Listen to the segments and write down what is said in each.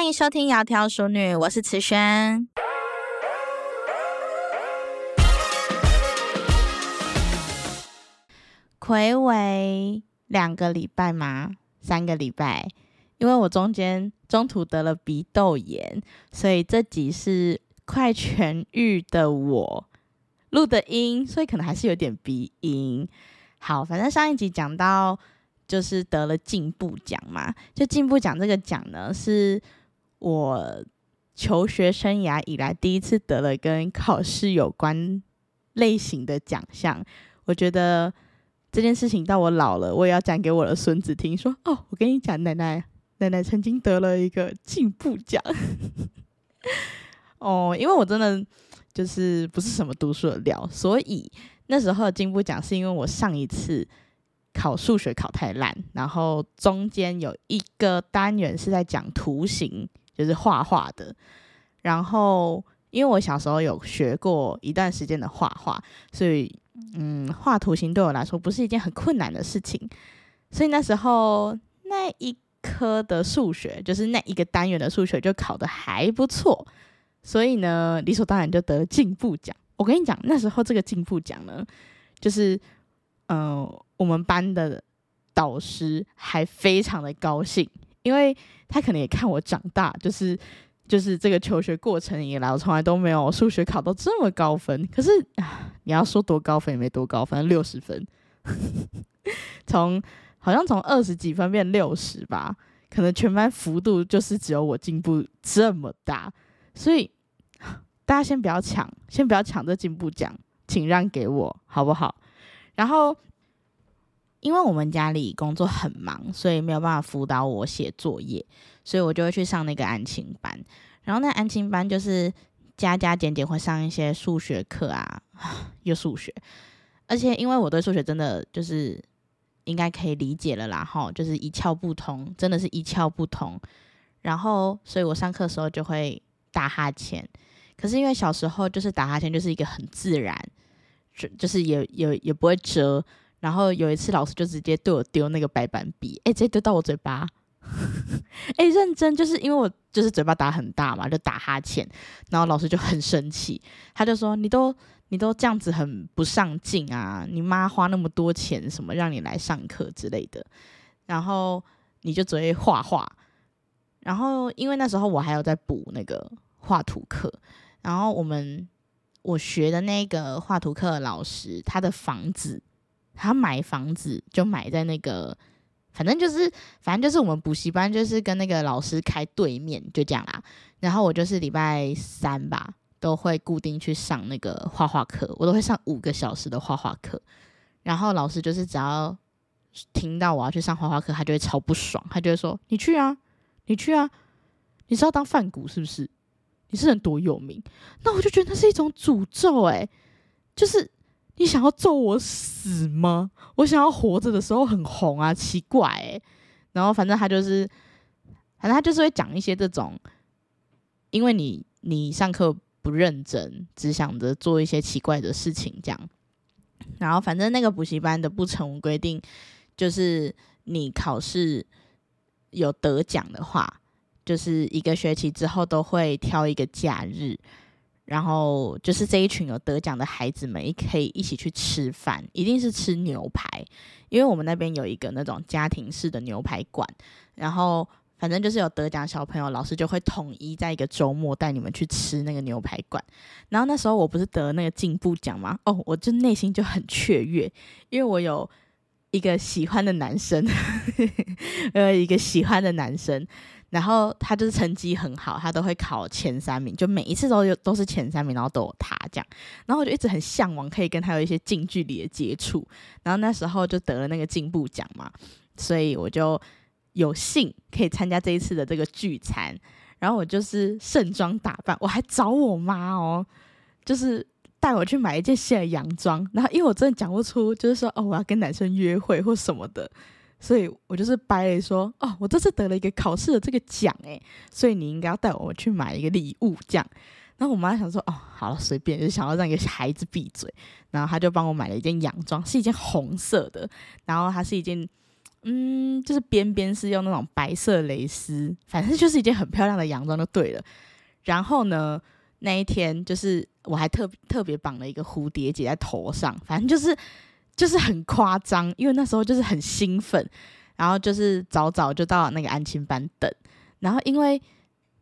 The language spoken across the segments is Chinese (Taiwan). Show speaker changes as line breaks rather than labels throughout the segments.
歡迎收聽《窈窕淑女》，我是慈萱。暌違兩個禮拜嗎？三個禮拜？因為我中間中途得了鼻竇炎，所以這集是快痊愈的我錄的音，所以可能還是有點鼻音。好，反正上一集講到就是得了進步獎嘛，就進步獎這個獎呢是，我求學生涯以來第一次得了跟考試有關類型的獎項，我覺得這件事情到我老了，我也要講給我的孫子聽說，說哦，我跟你講，奶奶，奶奶曾經得了一個進步獎。 哦，因為我真的就是不是什麼讀書的料，所以那時候的進步獎是因為我上一次考數學考太爛，然後中間有一個單元是在講圖形。就是畫畫的，然後因為我小時候有學過一段時間的畫畫，所以嗯，畫圖形對我來說不是一件很困難的事情，所以那時候那一科的數學，就是那一個單元的數學就考得還不錯，所以呢，理所當然就得進步獎。我跟你講，那時候這個進步獎呢，就是嗯、呃、我們班的導師還非常的高興。因為他可能也看我長大，就是就是這個求學過程以來，我從來都沒有數學考到這麼高分。可是啊，你要說多高分也沒多高，反正六十分，從 好像從二十幾分變六十吧，可能全班幅度就是只有我進步這麼大。所以大家先不要搶，先不要搶這進步獎，請讓給我，好不好？然後。因為我們家裡工作很忙，所以沒有辦法輔導我寫作業，所以我就會去上那個安親班。然後那安親班就是加加減減會上一些數學課啊，又數學。而且因為我對數學真的就是應該可以理解了啦，哈，就是一竅不通，真的是一竅不通。然後所以我上課的時候就會打哈欠。可是因為小時候就是打哈欠就是一個很自然，就就是也也也不會遮。然後有一次，老師就直接對我丟那個白板筆，哎、欸，直接丟到我嘴巴，哎、 欸，認真就是因為我就是嘴巴打很大嘛，就打哈欠，然後老師就很生氣，他就說：“你都你都這樣子很不上進啊，你媽花那麼多錢什麼讓你來上課之類的，然後你就只會畫畫。”然後因為那時候我還有在補那個畫圖課，然後我們我學的那個畫圖課老師他的房子。他買房子就買在那個，反正就是，反正就是我們補習班就是跟那個老師開對面，就這樣啦。然後我就是禮拜三吧，都會固定去上那個畫畫課，我都會上五個小時的畫畫課。然後老師就是只要聽到我要去上畫畫課，他就會超不爽，他就會說：“你去啊，你去啊，你是要當梵谷是不是？你是人多有名？”那我就覺得那是一種詛咒、欸，誒，就是。你想要咒我死嗎？我想要活着的時候很紅啊，奇怪欸，然後反正他就是，反正他就是會講一些這種，因為你你上課不認真，只想着做一些奇怪的事情這樣。然後反正那個補習班的不成文規定，就是你考試有得獎的話，就是一個學期之後都會挑一個假日。然後就是這一群有得獎的孩子們，也可以一起去吃飯，一定是吃牛排，因為我們那邊有一個那種家庭式的牛排館。然後反正就是有得獎小朋友，老師就會統一在一個周末帶你們去吃那個牛排館。然後那時候我不是得那個進步獎嗎？哦，我就內心就很雀躍，因為我有一個喜歡的男生，呃， 一個喜歡的男生。然後他就是成績很好，他都會考前三名，就每一次都有，都是前三名，然後都有他這樣。然後我就一直很向往可以跟他有一些近距離的接觸。然後那時候就得了那個進步獎嘛，所以我就有幸可以參加這一次的這個聚餐。然後我就是盛裝打扮，我還找我媽哦，就是帶我去買一件新的洋裝。然後因為我真的講不出，就是說哦，我要跟男生約會或什麼的。所以我就是掰了說，哦，我這次得了一個考試的這個獎誒。所以你應該要帶我去買一個禮物這樣。然後我媽想說，哦，好了，隨便，就想要讓一個孩子閉嘴。然後她就幫我買了一件洋裝，是一件紅色的，然後它是一件，嗯，就是邊邊是用那種白色蕾絲，反正就是一件很漂亮的洋裝就對了。然後呢，那一天就是我還特特別綁了一個蝴蝶結在頭上，反正就是。就是很誇張，因為那時候就是很興奮，然後就是早早就到那個安親班等，然後因為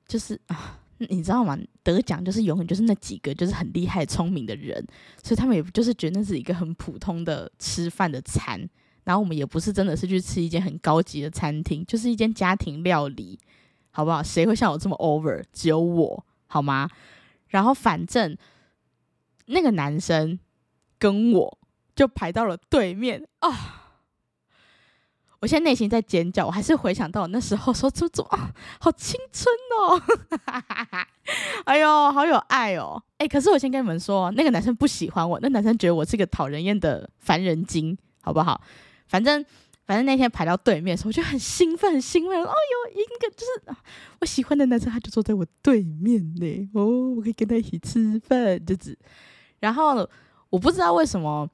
就是、啊、你知道嗎？得獎就是永遠就是那幾個就是很厲害聰明的人，所以他們也就是覺得那是一個很普通的吃飯的餐，然後我們也不是真的是去吃一間很高級的餐廳，就是一間家庭料理，好不好？誰會像我這麼 over？只有我好嗎？然後反正那個男生跟我。就排到了對面啊、哦！我現在內心在尖叫，我還是回想到我那時候說：“出、啊、做好青春哦！” 哎呦，好有愛哦！哎、欸，可是我先跟你們說，那個男生不喜歡我，那個、男生覺得我是個討人厭的煩人精，好不好？反正反正那天排到對面的時候，我就很興奮，很興奮！哦呦，有一個就是我喜歡的男生，他就坐在我對面呢。哦，我可以跟他一起吃飯，就是。然後我不知道為什麼。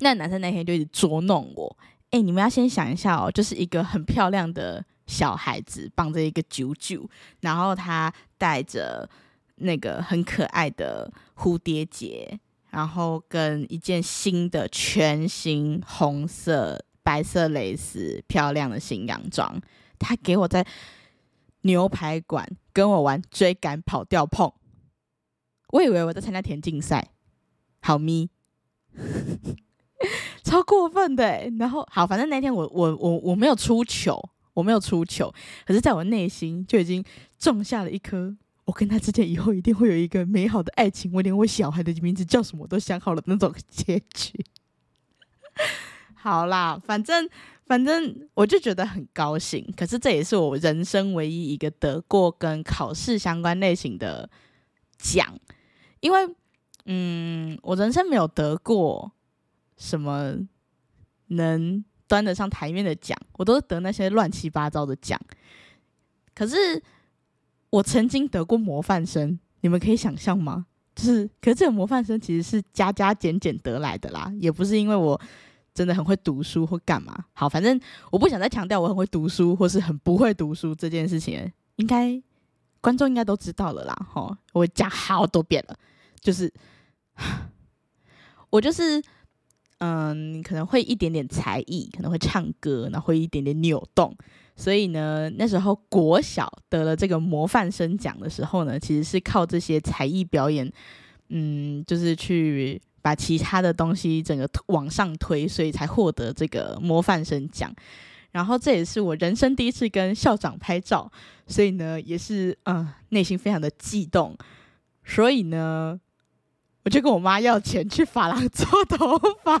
那男生，那天就一直捉弄我，哎、欸，你們要先想一下哦，就是一個很漂亮的小孩子綁着一個九九，u, 然後他戴着那個很可愛的蝴蝶結，然後跟一件新的全新紅色白色蕾絲漂亮的新洋裝，他給我在牛排館跟我玩追趕跑跳碰，我以為我在參加田徑賽，好咪。 超過分的、欸，然後好，反正那天我我我我沒有出糗，我沒有出糗，可是在我內心就已經種下了一顆，我跟他之間以後一定會有一個美好的愛情，我連我小孩的名字叫什麼都想好了那種結局。好啦，反正反正我就覺得很高興，可是這也是我人生唯一一個得過跟考試相關類型的獎，因為嗯，我人生沒有得過。什麼能端得上台面的獎，我都是得那些亂七八糟的獎。可是我曾經得過模範生，你們可以想象嗎？就是，可是這個模範生其實是加加減減得來的啦，也不是因為我真的很會讀書或幹嘛。好，反正我不想再強調我很會讀書或是很不會讀書這件事情、欸，應該觀眾應該都知道了啦。齁，我講好多遍了，就是我就是。嗯，可能會一點點才藝，可能會唱歌，然後會一點點扭動。所以呢，那時候國小得了這個模範生獎的時候呢，其實是靠這些才藝表演，嗯，就是去把其他的東西整個往上推，所以才獲得這個模範生獎。然後這也是我人生第一次跟校長拍照，所以呢，也是嗯，內心非常的激動。所以呢。我就跟我媽要錢去髮廊做頭髮，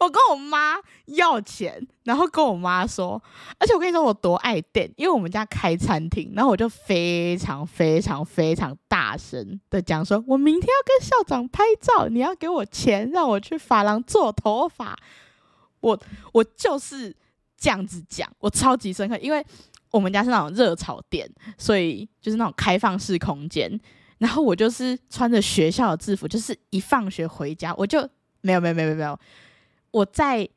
我跟我媽要錢，然後跟我媽說，而且我跟你說我多愛店，因為我們家開餐廳，然後我就非常非常非常大聲的講說，我明天要跟校長拍照，你要給我錢讓我去髮廊做頭髮，我我就是這樣子講，我超級深刻，因為。我們家是那種熱炒店，所以就是那種開放式空間。然後我就是穿着學校的制服，就是一放學回家，我就沒有沒有沒有沒有我在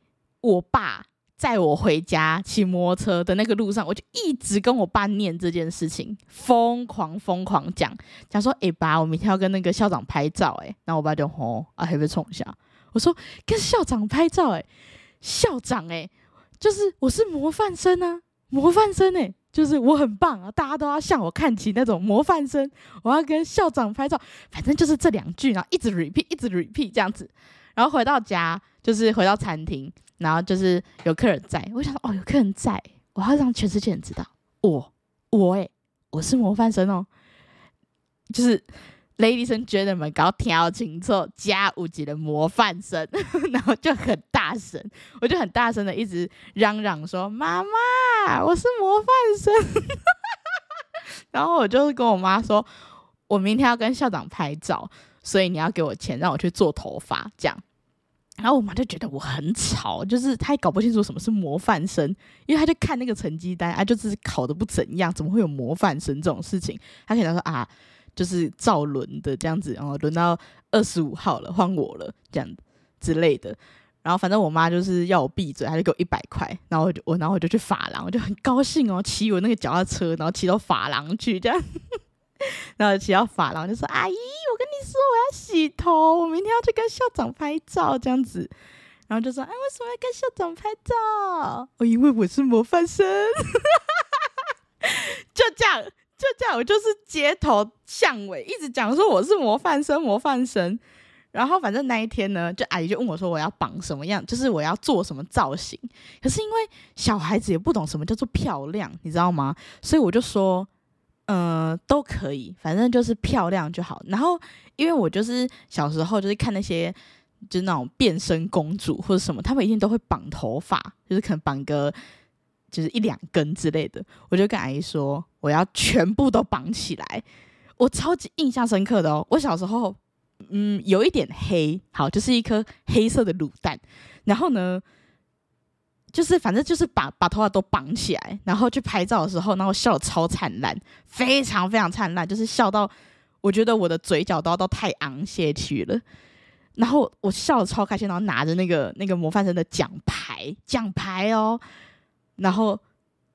我爸載我回家騎摩托車的那個路上，我就一直跟我爸念這件事情，瘋狂瘋狂講，講說誒、欸、爸，我明天要跟那個校長拍照誒、欸、然後我爸就吼、哦、啊，黑白沖一下。我說跟校長拍照誒、欸、校長誒、欸、就是我是模範生啊。模範生哎，就是我很棒啊，大家都要向我看齊那種模範生。我要跟校長拍照，反正就是這兩句，然後一直 repeat，一直 repeat 這樣子。然後回到家，就是回到餐廳，然後就是有客人在，我想說哦，有客人在，我要讓全世界人知道我，我誒、欸，我是模範生哦，就是。Ladies and gentlemen，搞聽不清楚，加五級的模範生， 然後就很大聲，我就很大聲的一直嚷嚷說：“媽媽，我是模範生。 ”然後我就跟我媽說：“我明天要跟校長拍照，所以你要給我錢讓我去做頭髮。”這樣，然後我媽就覺得我很吵，就是她也搞不清楚什麼是模範生，因為她就看那個成績單啊，就是考得不怎樣，怎麼會有模範生這種事情？她可能說啊。就是照輪的這樣子，然後輪到二十五號了，換我了這樣子之類的。然後反正我媽就是要我閉嘴，她就給我一百塊，然後我，然後我就去髮廊，我就很高興哦，騎我那個腳踏車，然後騎到髮廊去這樣，然後騎到髮廊就說：“阿姨，我跟你說，我要洗頭，我明天要去跟校長拍照這樣子。”然後就說：“哎，為什麼要跟校長拍照？哦，因為我是模範生。 ”就這樣。就這樣，我就是街頭巷尾一直講說我是模範生、模範生，然後反正那一天呢，就阿姨就問我說我要綁什麼樣，就是我要做什麼造型。可是因為小孩子也不懂什麼叫做漂亮，你知道嗎？所以我就說，嗯、呃，都可以，反正就是漂亮就好。然後因為我就是小時候就是看那些就是、那種變身公主或者什麼，他們一定都會綁頭髮，就是可能綁個就是一兩根之類的。我就跟阿姨說。我要全部都綁起來，我超級印象深刻的哦。我小時候，嗯，有一點黑，好，就是一顆黑色的滷蛋。然後呢，就是反正就是把把頭髮都綁起來，然後去拍照的時候，然後笑得超燦爛，非常非常燦爛，就是笑到我覺得我的嘴角都要到太陽穴去了。然後我笑得超開心，然後拿着那個那個模範生的獎牌，獎牌哦，然後。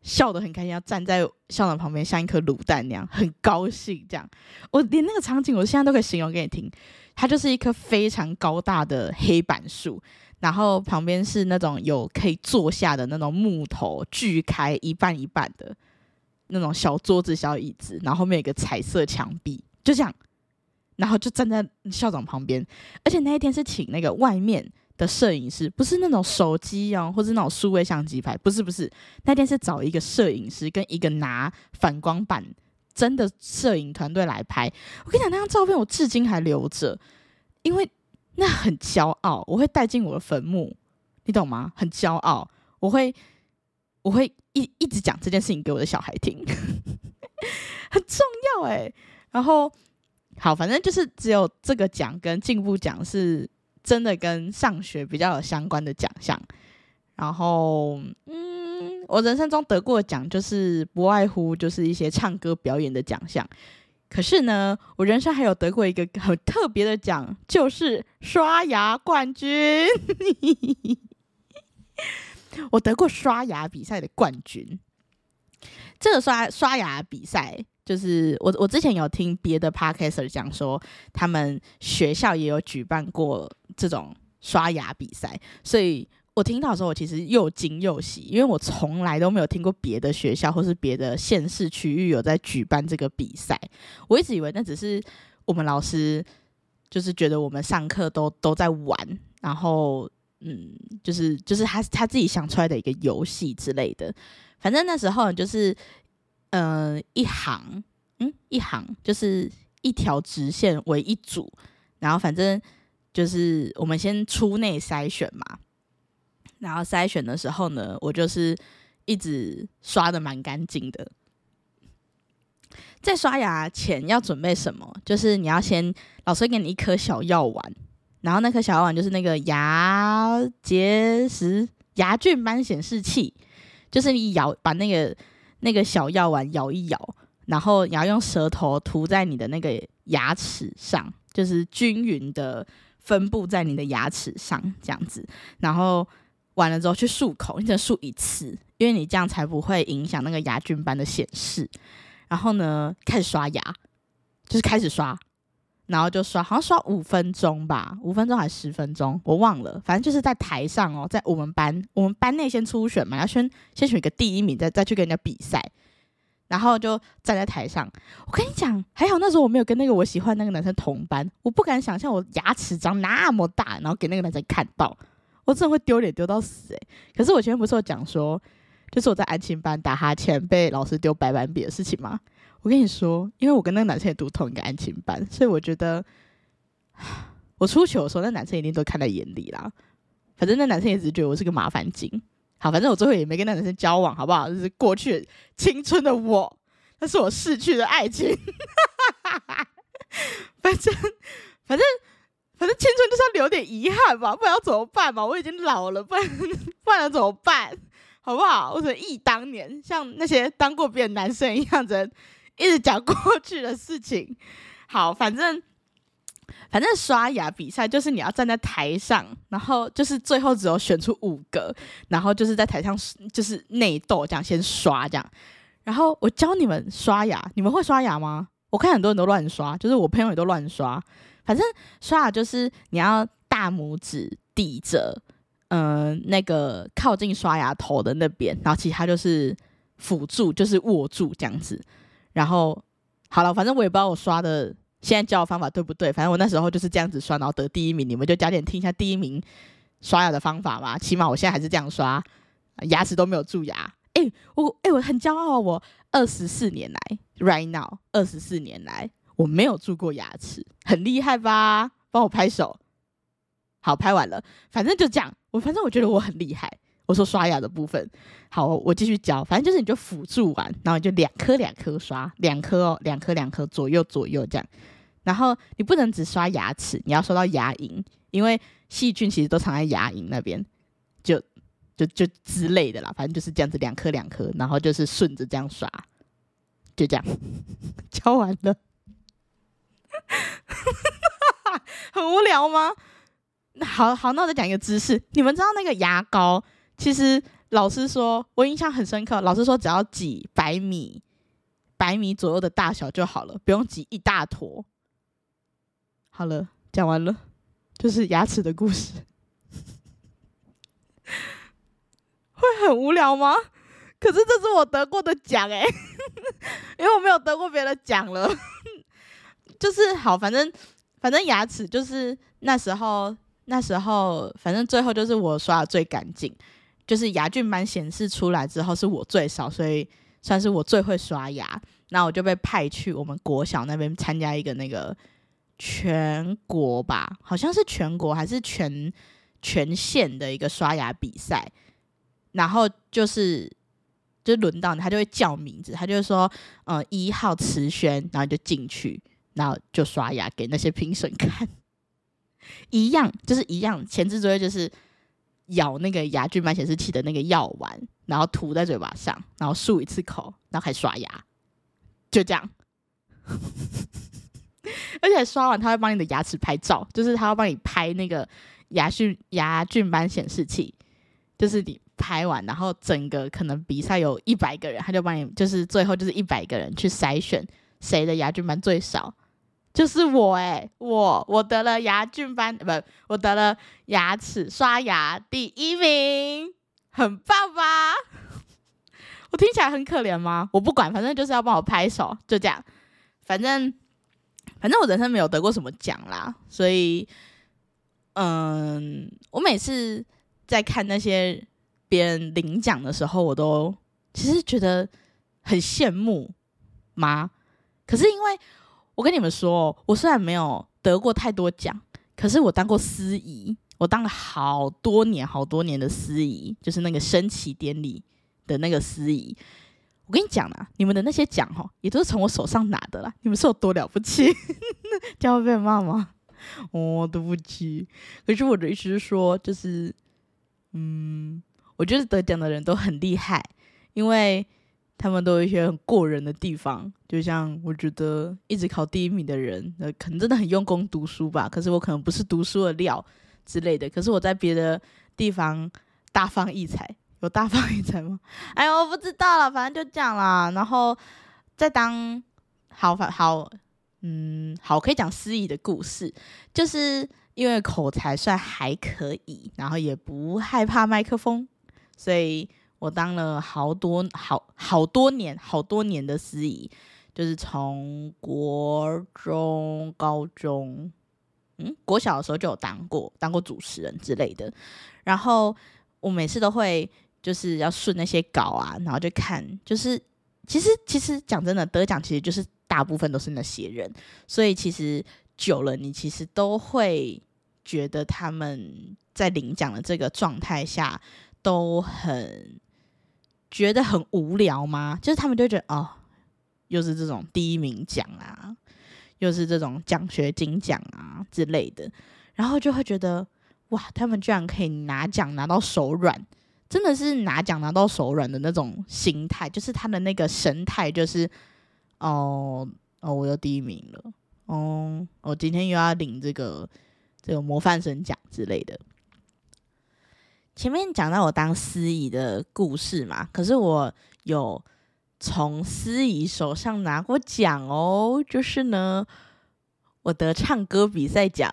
笑得很開心，要站在校長旁邊，像一顆滷蛋那樣，很高興這樣。我連那個場景，我現在都可以形容給你聽。它就是一棵非常高大的黑板樹，然後旁邊是那種有可以坐下的那種木頭，鋸開一半一半的那種小桌子、小椅子，然後後面有一個彩色牆壁，就這樣。然後就站在校長旁邊，而且那一天是請那個外面。的攝影師不是那種手機啊、喔，或是那種數位相機拍，不是不是，那天是找一個攝影師跟一個拿反光板真的攝影團隊來拍。我跟你講，那張照片我至今還留着，因為那很驕傲，我會帶進我的墳墓，你懂嗎？很驕傲，我會我會一一直講這件事情給我的小孩聽， 很重要哎、欸。然後好，反正就是只有這個獎跟進步獎是。真的跟上學比較有相關的獎項，然後，嗯，我人生中得過獎，就是不外乎就是一些唱歌表演的獎項。可是呢，我人生還有得過一個很特別的獎，就是刷牙冠軍。 我得過刷牙比賽的冠軍。這個刷刷牙比賽。就是我，我之前有聽別的 podcaster 講說，他們學校也有舉辦過這種刷牙比賽，所以我聽到的時候，我其實又驚又喜，因為我從來都沒有聽過別的學校或是別的縣市區域有在舉辦這個比賽。我一直以為那只是我們老師就是覺得我們上課都都在玩，然後嗯，就是就是他他自己想出來的一個遊戲之類的。反正那時候就是。呃，一行，嗯，一行就是一條直線為一組，然後反正就是我們先粗內篩選嘛，然後篩選的時候呢，我就是一直刷的蠻乾淨的。在刷牙前要準備什麼？就是你要先老師給你一顆小藥丸，然後那顆小藥丸就是那個牙結石牙菌斑顯示器，就是你咬把那個。那個小藥丸咬一咬，然後你要用舌頭塗在你的那個牙齒上，就是均勻的分布在你的牙齒上這樣子，然後完了之後去漱口，你只漱一次，因為你這樣才不會影響那個牙菌斑的顯示。然後呢，開始刷牙，就是開始刷。然後就刷，好像刷五分鐘吧，五分鐘還十分鐘，我忘了。反正就是在台上哦，在我們班，我們班內先初選嘛，要先先選一個第一名，再再去跟人家比賽。然後就站在台上，我跟你講，還好那時候我沒有跟那個我喜歡的那個男生同班，我不敢想象我牙齒長那麼大，然後給那個男生看到，我真的會丟臉丟到死欸。可是我前面不是有講說，就是我在安親班打哈欠被老師丟白板筆的事情嘛我跟你說，因為我跟那個男生也讀同一個愛情班，所以我覺得我出糗的時候，那男生一定都看在眼裡啦。反正那男生也一直覺得我是個麻煩精。好，反正我最後也沒跟那個男生交往，好不好？就是過去的青春的我，那是我逝去的愛情。哈哈哈，反正，反正，反正青春就是要留點遺憾吧，不然要怎麼辦嘛？我已經老了，不然，不然要怎麼辦？好不好？我只憶當年，像那些當過別人男生一樣的。一直講過去的事情，好，反正反正刷牙比賽就是你要站在台上，然後就是最後只有選出五個，然後就是在台上就是內鬥這樣，先刷這樣。然後我教你們刷牙，你們會刷牙嗎？我看很多人都亂刷，就是我朋友也都亂刷。反正刷牙就是你要大拇指抵着，嗯、呃，那個靠近刷牙頭的那邊，然後其他就是輔助，就是握住這樣子。然後，好了，反正我也不知道我刷的、現在教的方法對不對，反正我那時候就是這樣子刷，然後得第一名，你們就加點聽一下第一名刷牙的方法吧，起碼我現在還是這樣刷，牙齒都沒有蛀牙。哎、欸，我哎、欸，我很驕傲，我二十四年來，right now，二十四年來，我沒有蛀過牙齒，很厲害吧？幫我拍手，好，拍完了，反正就這樣，我反正我覺得我很厲害。我說刷牙的部分，好哦，我繼續教，反正就是你就輔助完，然後就兩顆兩顆刷，兩顆哦，兩顆兩顆左右左右這樣，然後你不能只刷牙齒，你要刷到牙齦，因為細菌其實都藏在牙齦那邊，就就就之類的啦，反正就是這樣子，兩顆兩顆，然後就是順着這樣刷，就這樣， 教完了， 很無聊嗎？好好，那我再講一個知識，你們知道那個牙膏？其實老師說，我印象很深刻。老師說，只要擠百米、百米左右的大小就好了，不用擠一大坨。好了，講完了，就是牙齒的故事。 會很無聊嗎？可是這是我得過的獎哎、欸， 因為我沒有得過別的獎了。 就是好，反正，反正牙齒就是那時候，那時候，反正最後就是我刷得最乾淨。就是牙菌斑顯示出來之後，是我最少，所以算是我最會刷牙。然後我就被派去我們國小那邊參加一個那個全國吧，好像是全國還是全全縣的一個刷牙比賽。然後就是就輪到他就會叫名字，他就說：“呃，一號慈軒。”然後就進去，然後就刷牙給那些評審看， 一樣就是一樣，前置作業就是。咬那個牙菌斑顯示器的那個藥丸，然後塗在嘴巴上，然後漱一次口，然後還刷牙，就這樣。 而且刷完他會幫你的牙齒拍照，就是他會幫你拍那個牙菌牙菌斑顯示器，就是你拍完，然後整個可能比賽有一百個人，他就幫你，就是最後就是一百個人去篩選誰的牙菌斑最少。就是我哎、欸，我我得了牙菌斑，不，我得了牙齒刷牙第一名，很棒吧？ 我聽起來很可憐嗎？我不管，反正就是要幫我拍手，就這樣。反正反正我人生沒有得過什麼獎啦，所以嗯，我每次在看那些別人領獎的時候，我都其實覺得很羨慕嗎？可是因為。我跟你們說，我雖然沒有得過太多獎，可是我當過司儀，我當了好多年好多年的司儀，就是那個升旗典禮的那個司儀。我跟你講了啊，你們的那些獎哦，也都是從我手上拿的啦。你們是有多了不起？ 這樣會被罵嗎？我、oh, 對不起。可是我的意思是說，就是嗯，我覺得得獎的人都很厲害，因為。他們都有一些很過人的地方，就像我覺得一直考第一名的人，呃，可能真的很用功讀書吧。可是我可能不是讀書的料之類的。可是我在別的地方大放異彩，有大放異彩嗎？哎呦我不知道了，反正就講啦。然後再當好反好，嗯，好可以講詩意的故事，就是因為口才算還可以，然後也不害怕麥克風，所以。我當了好多好好多年好多年的司儀，就是從國中、高中，嗯，國小的時候就有當過，當過主持人之類的。然後我每次都會就是要順那些稿啊，然後就看，就是其實其實講真的，得獎其實就是大部分都是那些人，所以其實久了，你其實都會覺得他們在領獎的這個狀態下都很。覺得很無聊嗎？就是他們就覺得哦，又是這種第一名獎啊，又是這種獎學金獎啊之類的，然後就會覺得哇，他們居然可以拿獎拿到手軟，真的是拿獎拿到手軟的那種心態，就是他的那個神態，就是哦哦，我又第一名了，哦，我今天又要領這個這個模範生獎之類的。前面講到我當司儀的故事嘛，可是我有從司儀手上拿過獎哦，就是呢，我得唱歌比賽獎，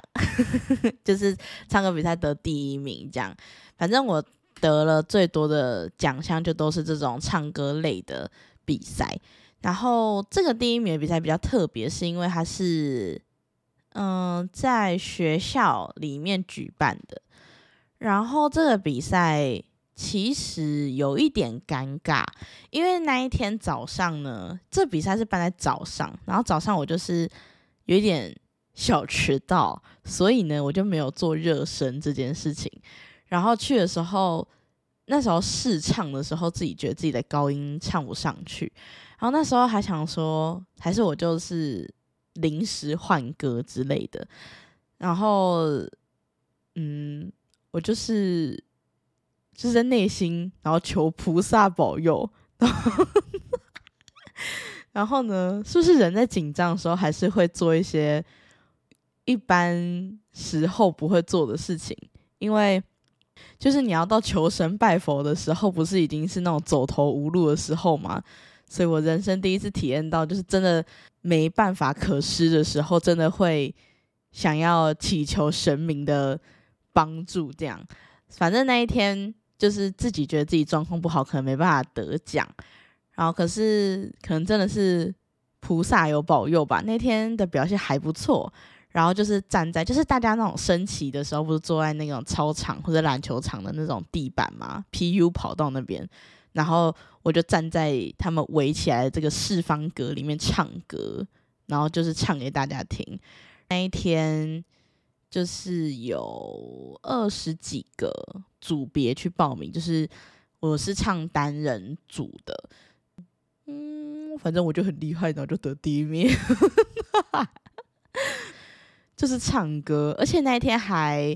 就是唱歌比賽得第一名這樣。反正我得了最多的獎項就都是這種唱歌類的比賽，然後這個第一名的比賽比較特別，是因為它是嗯，呃，在學校裡面舉辦的。然後這個比賽其實有一點尷尬，因為那一天早上呢，這比賽是辦在早上，然後早上我就是有一點小遲到，所以呢，我就沒有做熱身這件事情。然後去的時候，那時候試唱的時候，自己覺得自己的高音唱不上去，然後那時候還想說，還是我就是臨時換歌之類的。然後，嗯。我就是，就是在內心，然後求菩薩保佑。然後呢，是不是人在緊張的時候還是會做一些一般時候不會做的事情？因為就是你要到求神拜佛的時候，不是已經是那種走投無路的時候嘛，所以我人生第一次體驗到，就是真的沒辦法可施的時候，真的會想要祈求神明的。幫助這樣，反正那一天就是自己覺得自己狀況不好，可能沒辦法得獎。然後可是可能真的是菩薩有保佑吧，那天的表現還不錯。然後就是站在，就是大家那種升旗的時候，不是坐在那種操場或者籃球場的那種地板嘛，PU 跑道那邊，然後我就站在他們圍起來的這個四方格裡面唱歌，然後就是唱給大家聽。那一天。就是有二十幾個組別去報名，就是我是唱單人組的，嗯，反正我就很厲害，然後就得第一名。 就是唱歌，而且那一天還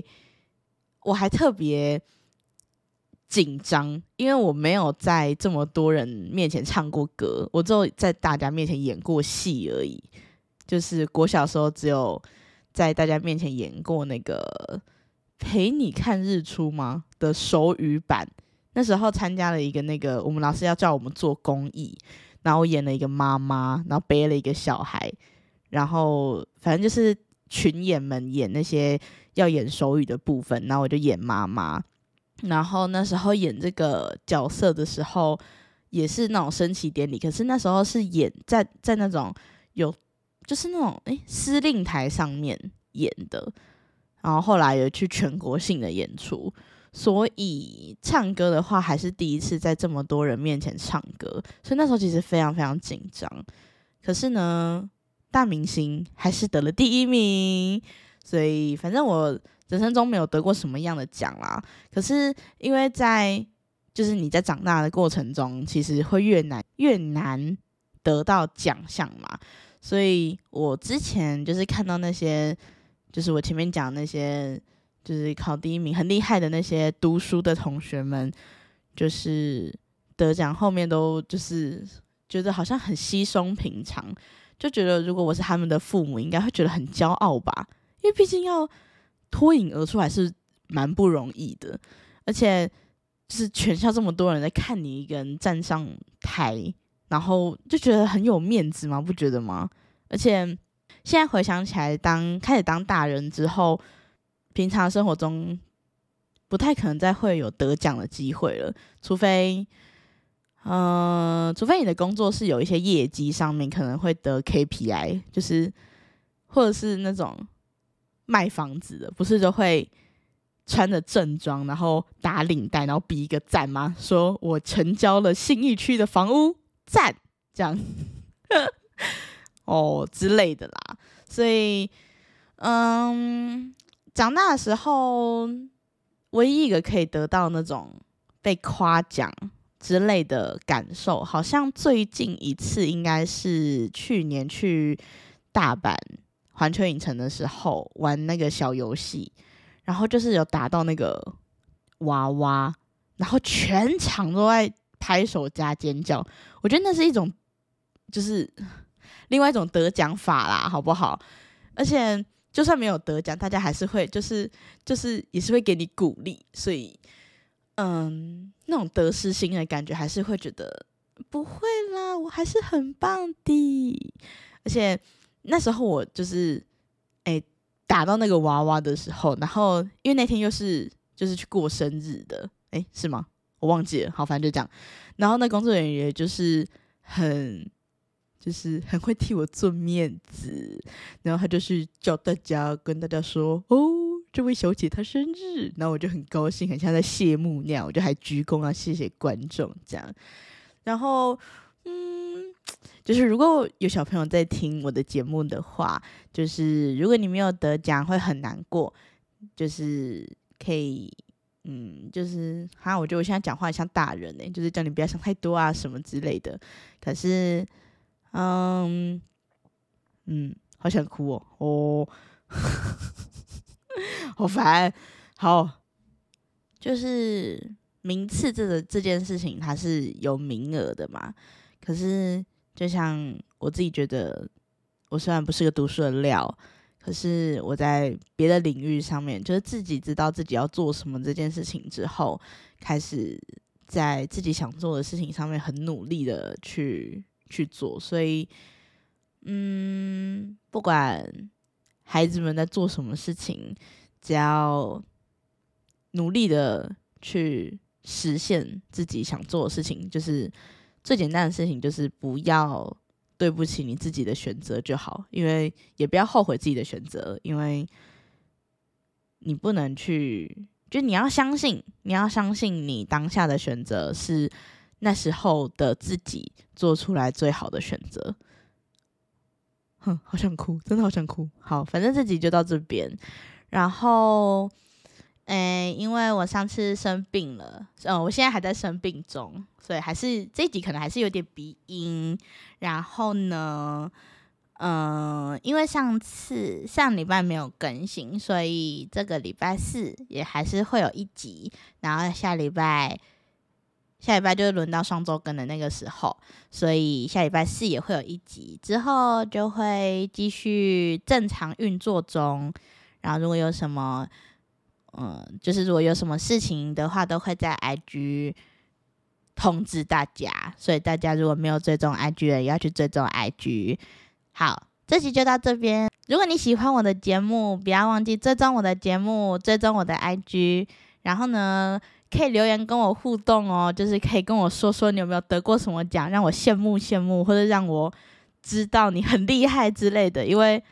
我還特別緊張，因為我沒有在這麼多人面前唱過歌，我只有在大家面前演過戲而已。就是我小時候只有。在大家面前演過那個陪你看日出嗎的手語版？那時候參加了一個那個，我們老師要叫我們做公益，然後演了一個媽媽，然後背了一個小孩，然後反正就是群演們演那些要演手語的部分，然後我就演媽媽。然後那時候演這個角色的時候，也是那種升旗典禮，可是那時候是演在在那種有。就是那種誒、欸，司令台上面演的，然後後來有去全國性的演出，所以唱歌的話還是第一次在這麼多人面前唱歌，所以那時候其實非常非常緊張。可是呢，大明星還是得了第一名，所以反正我人生中沒有得過什麼樣的獎啦。可是因為在就是你在長大的過程中，其實會越難越難得到獎項嘛。所以，我之前就是看到那些，就是我前面講那些，就是考第一名很厲害的那些讀書的同學們，就是得獎後面都就是覺得好像很稀鬆平常，就覺得如果我是他們的父母，應該會覺得很驕傲吧？因為畢竟要脫穎而出還是蠻不容易的，而且是全校這麼多人在看你一個人站上台。然後就覺得很有面子嘛，不覺得嗎？而且現在回想起來，當開始當大人之後，平常生活中不太可能再會有得獎的機會了，除非，嗯、呃，除非你的工作是有一些業績上面可能會得 KPI，就是或者是那種賣房子的，不是就會穿着正裝，然後打領帶，然後比一個讚嗎？說我成交了信義區的房屋。讚，這樣 哦之類的啦，所以嗯，長大的時候，唯一一個可以得到那種被誇獎之類的感受，好像最近一次應該是去年去大阪環球影城的時候玩那個小遊戲，然後就是有打到那個娃娃，然後全場都在。拍手加尖叫，我覺得那是一種，就是另外一種得獎法啦，好不好？而且就算沒有得獎，大家還是會就是就是也是會給你鼓勵，所以嗯，那種得失心的感覺還是會覺得不會啦，我還是很棒的。而且那時候我就是哎、欸、打到那個娃娃的時候，然後因為那天又是就是去過生日的，哎、欸，是嗎？我忘記了，好，反正就這樣。然後那工作人員就是很，就是很會替我做面子。然後他就是叫大家跟大家說：“哦，這位小姐她生日。”然後我就很高興，很像在謝幕那樣，我就還鞠躬啊，謝謝觀眾這樣。然後，嗯，就是如果有小朋友在聽我的節目的話，就是如果你沒有得獎會很難過，就是可以。嗯，就是哈，我覺得我現在講話很像大人欸，就是叫你不要想太多啊什麼之類的。可是，嗯嗯，好想哭哦，哦 好煩。好，就是名次這個這件事情，它是有名額的嘛。可是，就像我自己覺得，我雖然不是個讀書的料。可是我在別的領域上面，就是自己知道自己要做什麼這件事情之後，開始在自己想做的事情上面很努力的去去做。所以，嗯，不管孩子們在做什麼事情，只要努力的去實現自己想做的事情，就是最簡單的事情就是不要。對不起，你自己的選擇就好，因為也不要後悔自己的選擇，因為你不能去，就你要相信，你要相信你當下的選擇是那時候的自己做出來最好的選擇。哼，好想哭，真的好想哭。好，反正這集就到這邊，然後。哎，因為我上次生病了，嗯、呃，我現在還在生病中，所以還是這集可能還是有點鼻音。然後呢，嗯，因為上次上禮拜沒有更新，所以這個禮拜四也還是會有一集。然後下禮拜下禮拜就輪到雙週更的那個時候，所以下禮拜四也會有一集。之後就會繼續正常運作中。然後如果有什麼。嗯，就是如果有什麼事情的話，都會在 IG 通知大家。所以大家如果沒有追蹤 IG 的，也要去追蹤 IG。好，這期就到這邊。如果你喜歡我的節目，不要忘記追蹤我的節目，追蹤我的 IG。然後呢，可以留言跟我互動哦，就是可以跟我說說你有沒有得過什麼獎，讓我羨慕羨慕，或者讓我知道你很厲害之類的。因為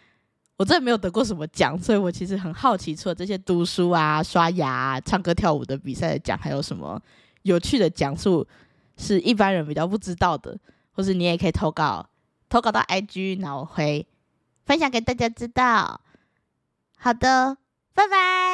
我真的沒有得過什麼獎，所以我其實很好奇，除了這些讀書啊、刷牙、唱歌跳舞的比賽獎，還有什麼有趣的獎狀是一般人比較不知道的？或是你也可以投稿，投稿到 IG，然後我會分享給大家知道。好的，拜拜。